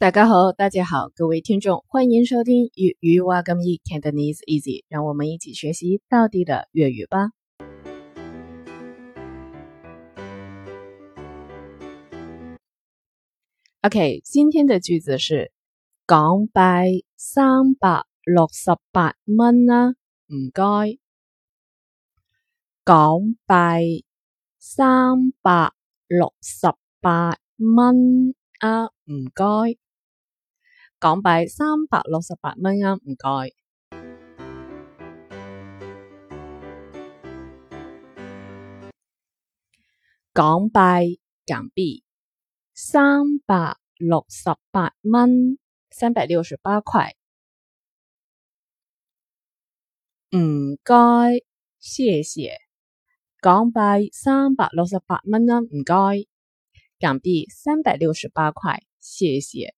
大家好，大家好，各位聽眾，歡迎收聽《粵語話咁易，Cantonese Easy》，讓我們一起學習地道的粵語吧。OK，今天的句子是港幣三百六十八蚊啊，唔該。港幣三百六十八蚊啊，唔該。港幣三百六十八蚊啊唔該。港幣，港幣三百六十八蚊，三百六十八塊，唔該，謝謝。港幣三百六十八蚊啊，唔該。港幣三百六十八塊，謝謝。